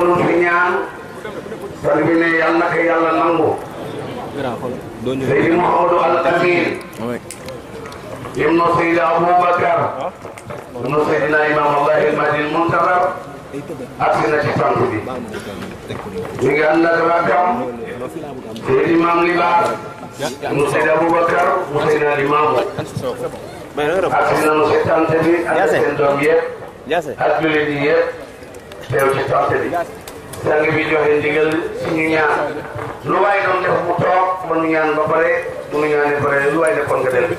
ko nun fi ñaan sal bi ne yàlla na ko yàlla nangu Seydi Mouhamadou Al Amin ibnu Seydi Aboubacar ibnu Seydina Imam Allah al Mahdi al Muntabar agsi na ci tànk bi mi ngi ànd ak rakkam Seydi Imam Libaar ibnu Seydi Aboubacar mu Seydina Limaamu agsi na nu si tànk bi ak seen doom yëpp ak jullit yi yëpp teew ci sant bi sang bi joxe ndigal suñu ñaan lu waay doon def mu toog ba ba pare bu nu ñaanee pare lu waay defoon nga dellu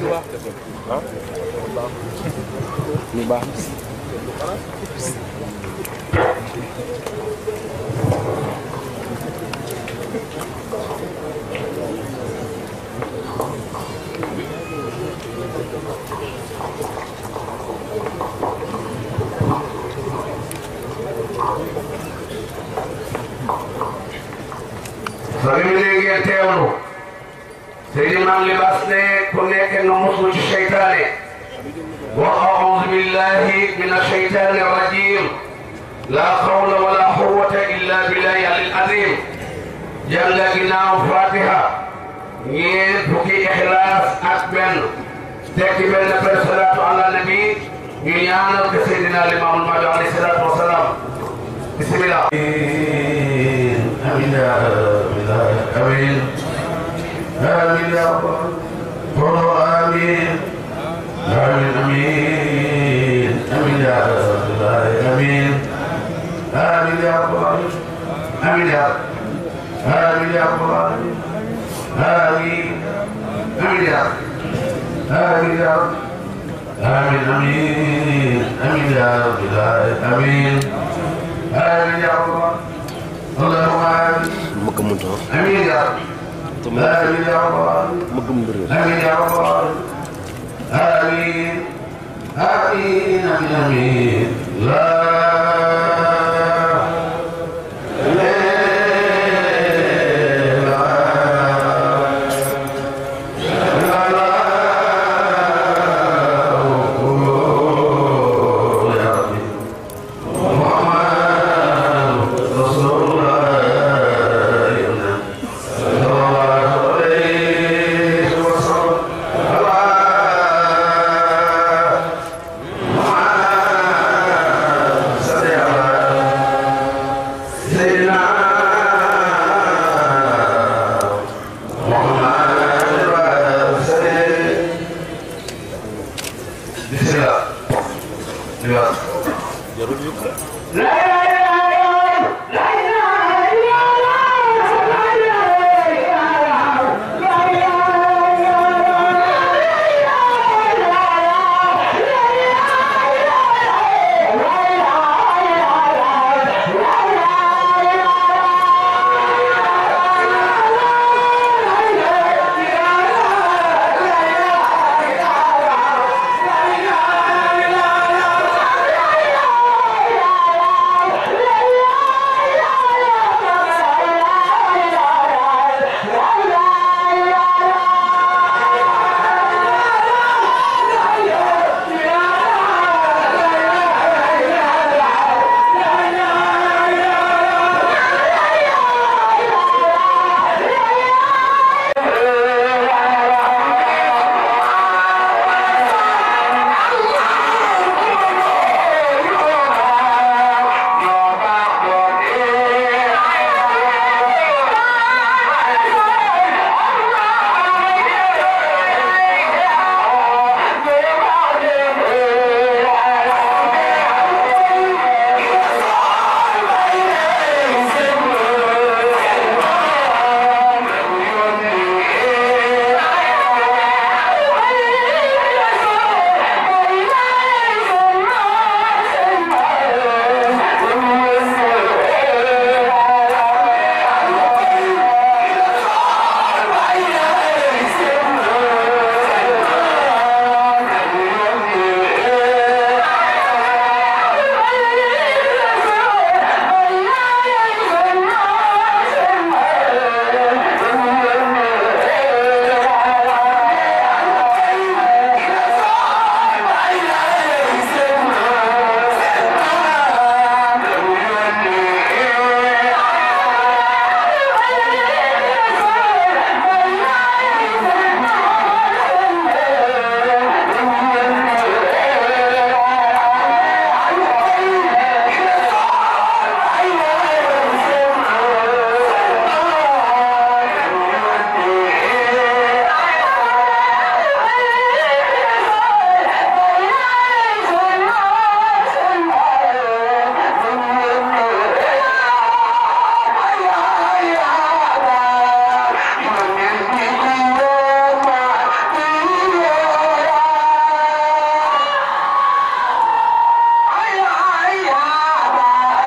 ربي ملي يتيونو سيدي مام لباس نے کنے کے نمو سوچ شیطان ہے وأعوذ بالله من الشيطان الرجيم لا حول ولا قوة إلا بالله العظيم جل جناه فاتحة یہ بھوکی اخلاص اکبن تیکی بین نفر صلاة على النبي یہ یعنی سیدنا الامام المعجو علیہ السلام بسم الله منا من امين امين يا رب قولوا امين امين امين امين يا رب امين امين يا رب امين يا رب امين يا رب امين امين يا رب امين يا رب امين امين امين يا رب امين امين يا رب mëggam mu tóor. te mu mëggam mu réer. amiin amiin amiin la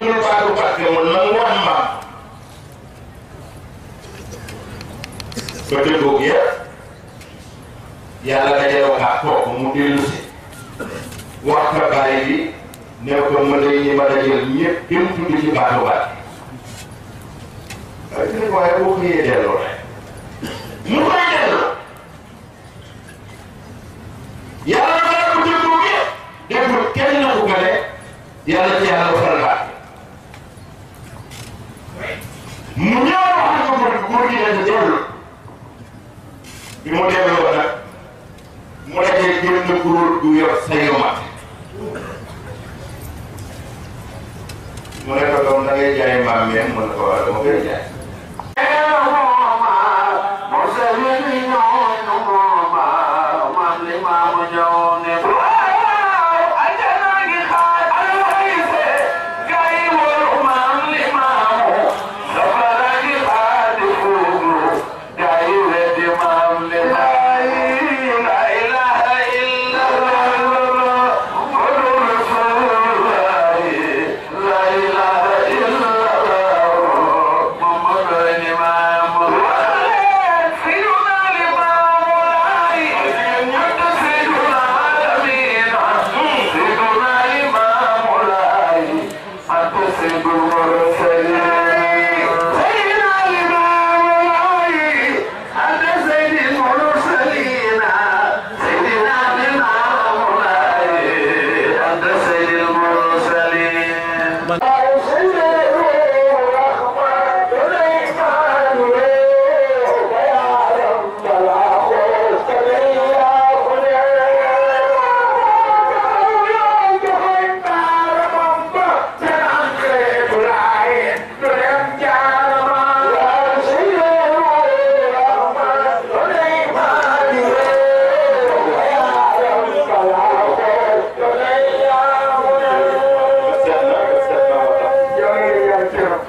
jilbaaru Mbàkke mu nangoon maam ba dëddoog yëpp yàlla dajale waxaat kooku mu dellu si wax ka bàyyi bi ne ko ma lay ñi ma dajal ñëpp dem tudd ci baatu baat waaye ko waaye boo xëyee delloo mu koy delloo yàlla na ko dëddoo yëpp déglu kenn na ko gane yàlla bi mu delloo nag mu dajee génn góor du yor sayu mat mu ne ko doom da ngay jaay mbaam mi mu ne ko waaw dama koy jaay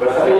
But I